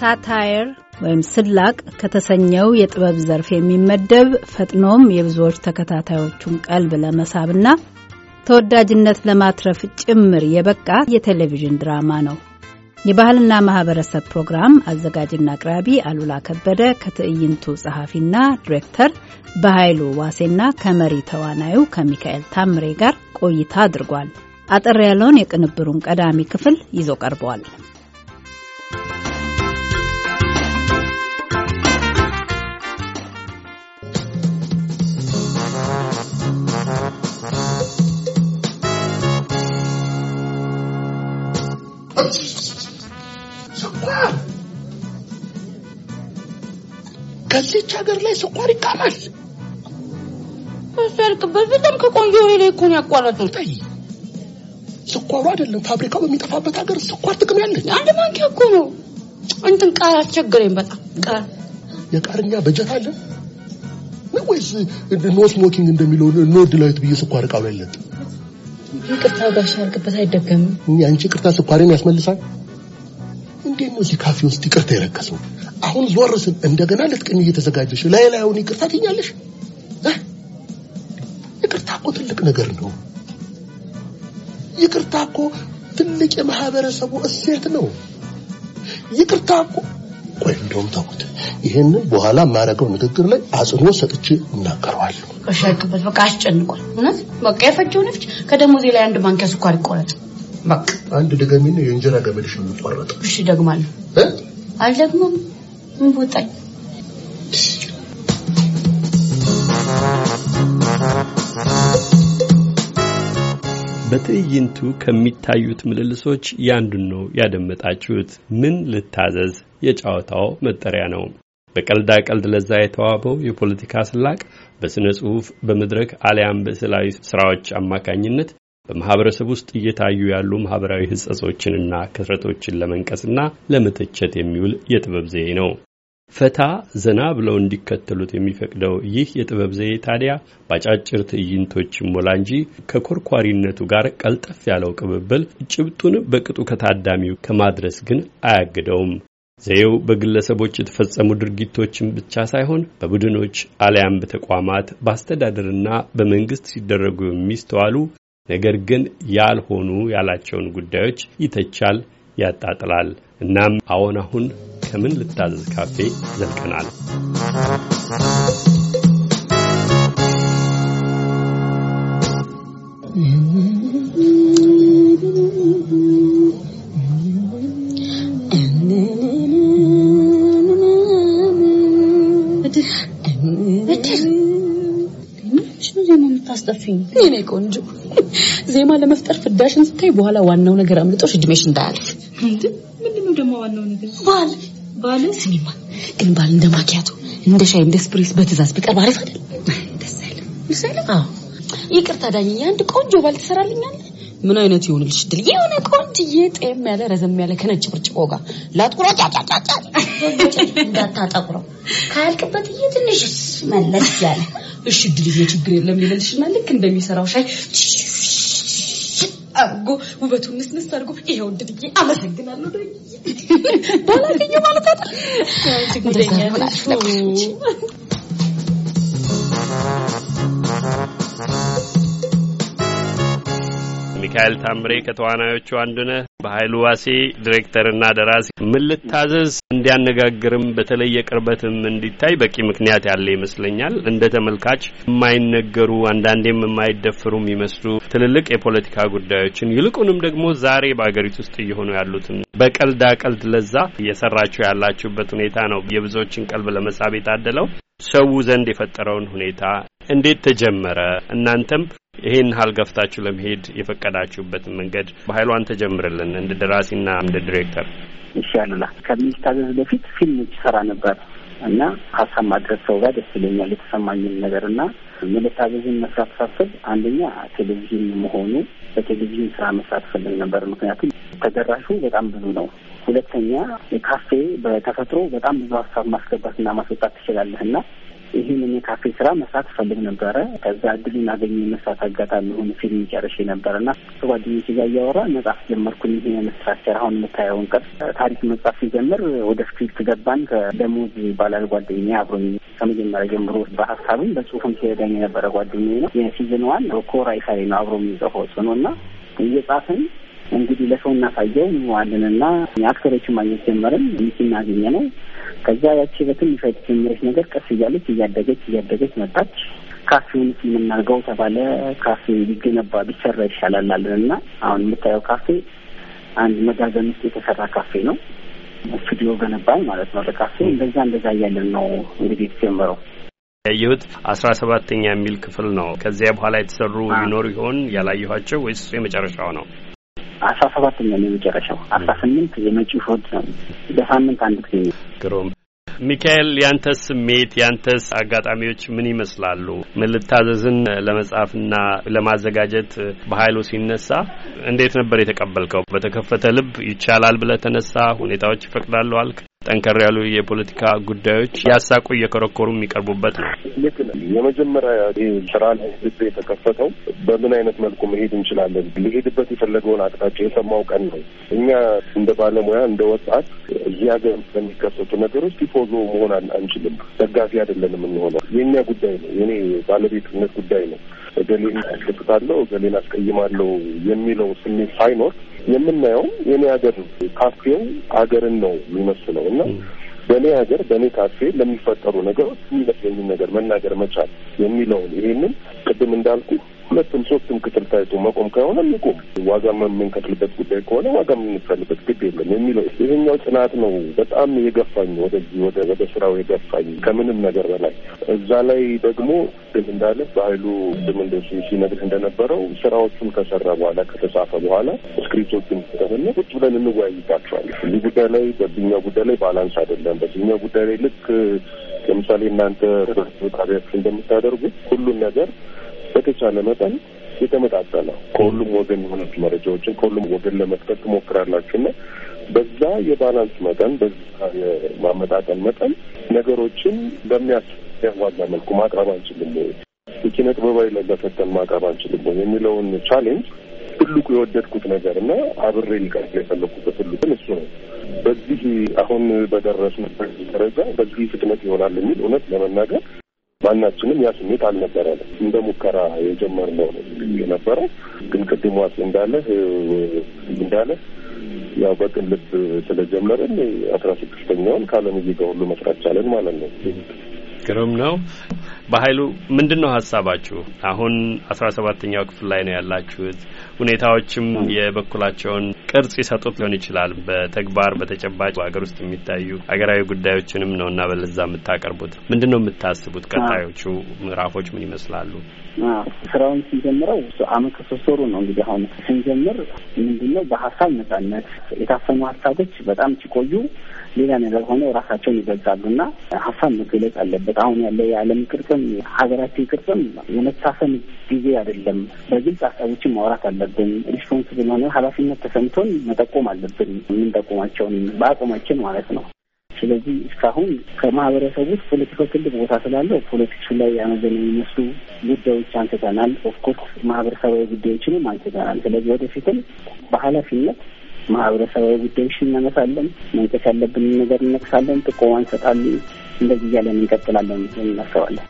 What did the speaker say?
ሳታየር ወይም ስላቅ ከተሰኘው የጥበብ ዘርፍ የሚመደብ ፈጥኖም የብዙዎች ተከታታዮቹን ቀልብ ለመሳብና ተወዳጅነት ለማትረፍ ጭምር የበቃ የቴሌቪዥን ድራማ ነው። የባህልና ማህበረሰብ ፕሮግራም አዘጋጅና አቅራቢ አሉላ ከበደ ከትዕይንቱ ጸሐፊና ዲሬክተር በኃይሉ ዋሴና ከመሪ ተዋናዩ ከሚካኤል ታምሬ ጋር ቆይታ አድርጓል። አጠር ያለውን የቅንብሩን ቀዳሚ ክፍል ይዞ ቀርበዋል። ስኳር ከዚች ሀገር ላይ ስኳር ይቃማል። ሲያልቅበት በጣም ከቆንጆ ወሬ ላይ እኮ ነው ያቋረጥነው። ታይ ስኳሩ አይደለም ፋብሪካው በሚጠፋበት ሀገር ስኳር ጥቅም ያለች አንድ ማንኪያ እኮ ነው። እንትን ቃር አስቸገረኝ በጣም ቃር የቃርኛ በጀት አለ ወይስ ኖ ስሞኪንግ እንደሚለው ኖ ድላዊት ብዬ ስኳር እቃው ላይ ለጥ ይቅርታ ጋሽ አልቅበት አይደገምም። አንቺ ቅርታ ስኳሪን ያስመልሳል። እንዴት ነው እዚህ ካፌ ውስጥ ይቅርታ የረከሰው? አሁን ዞር ስል እንደገና ልትቅኝ እየተዘጋጀሽ ላይ ላይ አሁን ይቅርታ ትኛለሽ። ይቅርታ እኮ ትልቅ ነገር ነው። ይቅርታ እኮ ትልቅ የማህበረሰቡ እሴት ነው። ይቅርታ እኮ ቆይ እንደውም ተውት፣ ይሄንን በኋላ የማደርገው ንግግር ላይ አጽንኦት ሰጥቼ እናገረዋለሁ። በሻይቅበት በቃ አስጨንቋል። እውነት በቃ የፈጀው ነፍች ከደሞዜ ላይ አንድ ማንኪያ ስኳር ይቆረጥ። በቃ አንድ ነው። የእንጀራ ገመድሽ ነው የሚቆረጠው። እሺ ደግማለሁ። አልደግሞም ምቦጣኝ በትዕይንቱ ከሚታዩት ምልልሶች ያንዱን ነው ያደመጣችሁት። ምን ልታዘዝ የጨዋታው መጠሪያ ነው። በቀልዳ ቀልድ ለዛ የተዋበው የፖለቲካ ስላቅ በሥነ ጽሑፍ፣ በመድረክ አሊያም በስዕላዊ ስራዎች አማካኝነት በማህበረሰብ ውስጥ እየታዩ ያሉ ማህበራዊ ሕጸጾችንና ክስረቶችን ለመንቀስና ለመተቸት የሚውል የጥበብ ዘዬ ነው። ፈታ ዘና ብለው እንዲከተሉት የሚፈቅደው ይህ የጥበብ ዘዬ ታዲያ በአጫጭር ትዕይንቶች ሞላ እንጂ ከኮርኳሪነቱ ጋር ቀልጠፍ ያለው ቅብብል ጭብጡን በቅጡ ከታዳሚው ከማድረስ ግን አያግደውም። ዘዬው በግለሰቦች የተፈጸሙ ድርጊቶችን ብቻ ሳይሆን በቡድኖች አልያም በተቋማት በአስተዳደርና በመንግስት ሲደረጉ የሚስተዋሉ ነገር ግን ያልሆኑ ያላቸውን ጉዳዮች ይተቻል፣ ያጣጥላል። እናም አሁን አሁን ከምን ልታዘዝ ካፌ ዘልቀናል። አስጠፊኝ። እኔ ቆንጆ ዜማ ለመፍጠር ፍዳሽን ስታይ በኋላ ዋናው ነገር አምልጦሽ እድሜሽ እንዳያልፍ። ምንድነው ደግሞ ዋናው ነገር? ባል ባል። ስሚማ ግን ባል እንደ ማኪያቱ እንደ ሻይ እንደ ስፕሬስ በትእዛዝ ቢቀርብ አሪፍ አይደል? ደስ አይልም። አዎ ይቅርታ ዳኝዬ፣ አንድ ቆንጆ ባል ትሰራልኛለህ? ምን አይነት ይሆንልሽ ድል የሆነ ቆንጅዬ ጤም ያለ ረዘም ያለ ከነጭ ብርጭቆ ጋር ላጥቁሮ ጫጫጫጫ እየ ትንሽ መለስ ያለ እሺ ድልዬ ችግር የለም ይበልሽና ልክ እንደሚሰራው ሻይ አርጎ ውበቱን ንስንስ አርጎ ድልዬ አመሰግናለሁ ደ ባላገኘ ማለት ሚካኤል ታምሬ ከተዋናዮቹ አንዱ ነህ። በኃይሉ ዋሴ ዲሬክተርና ደራሲ ምን ልታዘዝ እንዲያነጋግርም በተለየ ቅርበትም እንዲታይ በቂ ምክንያት ያለ ይመስለኛል። እንደ ተመልካች የማይነገሩ አንዳንዴም የማይደፍሩ የሚመስሉ ትልልቅ የፖለቲካ ጉዳዮችን ይልቁንም ደግሞ ዛሬ በሀገሪቱ ውስጥ እየሆኑ ያሉትን በቀልዳ ቀልድ ለዛ እየሰራችሁ ያላችሁበት ሁኔታ ነው የብዙዎችን ቀልብ ለመሳብ የታደለው ሰው ዘንድ የፈጠረውን ሁኔታ እንዴት ተጀመረ? እናንተም ይህን ሀል ገፍታችሁ ለመሄድ የፈቀዳችሁበትን መንገድ በሀይሏን ተጀምርልን እንደ ደራሲና እንደ ዲሬክተር። እሺ አሉላ ከሚታዘዝ በፊት ፊልም ሰራ ነበር እና ሀሳብ ማድረስ ሰው ጋር ደስ ይለኛል የተሰማኝን ነገር እና ምልታዘዝን መስራት ሳስብ አንደኛ ቴሌቪዥን መሆኑ በቴሌቪዥን ስራ መስራት ፈልግ ነበር። ምክንያቱም ተደራሹ በጣም ብዙ ነው። ሁለተኛ ካፌ በተፈጥሮ በጣም ብዙ ሀሳብ ማስገባት እና ማስወጣት ትችላለህ እና ይህንን የካፌ ስራ መስራት እፈልግ ነበረ። ከዛ እድሉን አገኘ መስራት አጋጣሚ ሆን ፊልም ጨርሼ ነበረ እና ከጓደኞች ጋር እያወራ መጽሐፍ ጀመርኩኝ። ይህ የመስትራክቸር አሁን የምታየውን ቅርጽ ታሪክ መጽሐፍ ሲጀምር ወደ ስክሪፕት ገባን። ከደሞዝ ይባላል ጓደኛ አብሮኝ ከመጀመሪያ ጀምሮ በሀሳብም በጽሁፍም ሲረዳኝ የነበረ ጓደኛ ነው። የሲዝን ዋን ኮራ ይሳሌ ነው አብሮ የሚጽፈው ጽኖ እና እየጻፍን እንግዲህ ለሰው እናሳየው ዋልንና አክተሮች ማግኘት ጀመርን። ሚኪን እናገኘ ነው። ከዛ ያቺ በትንሿ የተጀመረች ነገር ቀስ እያለች እያደገች እያደገች መጣች። ካፌውን የምናርገው ተባለ። ካፌ ሊገነባ ቢሰራ ይሻላል አለን እና አሁን የምታየው ካፌ አንድ መጋዘን ውስጥ የተሰራ ካፌ ነው። ስቱዲዮ ገነባል ማለት ነው ለካፌ። እንደዛ እንደዛ እያለን ነው እንግዲህ የተጀመረው። ያየሁት አስራ ሰባተኛ የሚል ክፍል ነው። ከዚያ በኋላ የተሰሩ ይኖሩ ይሆን ያላየኋቸው ወይስ የመጨረሻው ነው? አስራ ሰባተኛ ነው የመጨረሻው። አስራ ስምንት የመጪው እሑድ ነው። በሳምንት አንድ ጊዜ ነው። ግሩም ሚካኤል፣ ያንተ ስሜት ያንተስ አጋጣሚዎች ምን ይመስላሉ? ምን ልታዘዝን ለመጻፍና ለማዘጋጀት በኃይሉ ሲነሳ እንዴት ነበር የተቀበልከው? በተከፈተ ልብ ይቻላል ብለህ ተነሳ? ሁኔታዎች ይፈቅዳሉ አልክ? ጠንከር ያሉ የፖለቲካ ጉዳዮች ያሳቁ እየኮረኮሩ የሚቀርቡበት ነው። ልክ የመጀመሪያ ስራ ላይ ልብ የተከፈተው በምን አይነት መልኩ መሄድ እንችላለን፣ ሊሄድበት የፈለገውን አቅጣጫ የሰማው ቀን ነው። እኛ እንደ ባለሙያ እንደ ወጣት እዚህ ሀገር በሚከሰቱ ነገሮች ቲፎዞ መሆን አንችልም። ደጋፊ አይደለንም የሚሆነው የእኛ ጉዳይ ነው። የኔ ባለቤትነት ጉዳይ ነው። እገሌን አስደቅታለሁ፣ እገሌን አስቀይማለሁ የሚለው ስሜት ሳይኖር የምናየውም የኔ ሀገር ካፌው ሀገርን ነው የሚመስለው እና በእኔ ሀገር በእኔ ካፌ ለሚፈጠሩ ነገሮች የሚመስለኝን ነገር መናገር መቻል የሚለውን ይሄንን ቅድም እንዳልኩ ሁለቱም ሶስቱም ቅጥር ታይቶ መቆም ከሆነ የሚቆም ዋጋ የምንከፍልበት ጉዳይ ከሆነ ዋጋ የምንፈልበት ግድ የለም የሚለው ይህኛው ጽናት ነው። በጣም የገፋኝ ወደዚህ ወደ ወደ ስራው የገፋኝ ከምንም ነገር በላይ እዛ ላይ ደግሞ ድም እንዳለ በሀይሉ ድም እንደ ሲነግርህ እንደነበረው ስራዎቹን ከሰራ በኋላ ከተጻፈ በኋላ ስክሪፕቶቹን ተፈለ ቁጭ ብለን እንወያይባቸዋለን። እዚህ ጉዳይ ላይ በዚህኛው ጉዳይ ላይ ባላንስ አይደለም፣ በዚህኛው ጉዳይ ላይ ልክ ለምሳሌ እናንተ ጣቢያችሁ እንደምታደርጉት ሁሉን ነገር በተቻለ መጠን የተመጣጠነ ከሁሉም ወገን የሆኑት መረጃዎችን ከሁሉም ወገን ለመጥቀት ትሞክራላችሁ እና በዛ የባላንስ መጠን በዛ የማመጣጠን መጠን ነገሮችን በሚያስያዋዛ መልኩ ማቅረብ አንችልም ወይ የኪነ ጥበባዊ ለበፈተን ማቅረብ አንችልም ወይ የሚለውን ቻሌንጅ ትልቁ የወደድኩት ነገር እና አብሬ ሊቀር የፈለኩበት ትልቁን እሱ ነው። በዚህ አሁን በደረስንበት ደረጃ በዚህ ፍጥነት ይሆናል የሚል እውነት ለመናገር ማናችንም ያ ስሜት አልነበረንም። እንደ ሙከራ የጀመርነው የነበረው ግን ቅድም ዋስ እንዳለ እንዳለ ያው በቅን ልብ ስለጀመርን አስራ ስድስተኛውን ዜጋ ሁሉ መስራት ቻለን ማለት ነው። ግሩም ነው። በሀይሉ ምንድን ነው ሀሳባችሁ? አሁን አስራ ሰባተኛው ክፍል ላይ ነው ያላችሁት። ሁኔታዎችም የበኩላቸውን ቅርጽ ይሰጡት ሊሆን ይችላል። በተግባር በተጨባጭ በሀገር ውስጥ የሚታዩ ሀገራዊ ጉዳዮችንም ነው እና በለዛ የምታቀርቡት ምንድን ነው የምታስቡት? ቀጣዮቹ ምዕራፎች ምን ይመስላሉ? ስራውን ስንጀምረው አመት ከሶስት ወሩ ነው እንግዲህ አሁን ስንጀምር ምንድነው በሀሳብ ነጻነት የታፈኑ ሀሳቦች በጣም ሲቆዩ ሌላ ነገር ሆነው ራሳቸውን ይገልጻሉ እና ሀሳብ መገለጽ አለበት። አሁን ያለው የዓለም ቅርጽ ቅርጽም ሀገራችን ቅርጽም የመተሳሰን ጊዜ አይደለም። በግልጽ ሀሳቦችን ማውራት አለብን። ሪስፖንስብል ሆነ ኃላፊነት ተሰምቶን መጠቆም አለብን። የምንጠቆማቸውን በአቋማችን ማለት ነው። ስለዚህ እስካሁን ከማህበረሰቡ ውስጥ ፖለቲካው ትልቅ ቦታ ስላለው ፖለቲክሱ ላይ ያመዘነ የሚመስሉ ጉዳዮች አንስተናል። ኦፍኮርስ ማህበረሰባዊ ጉዳዮችንም አንስተናል። ስለዚህ ወደፊትም በኃላፊነት ማህበረሰባዊ ጉዳዮች እነመሳለን። መንቀስ ያለብንን ነገር እነቅሳለን። ጥቆማ እንሰጣለን። እንደዚህ እያለን እንቀጥላለን እናስባለን።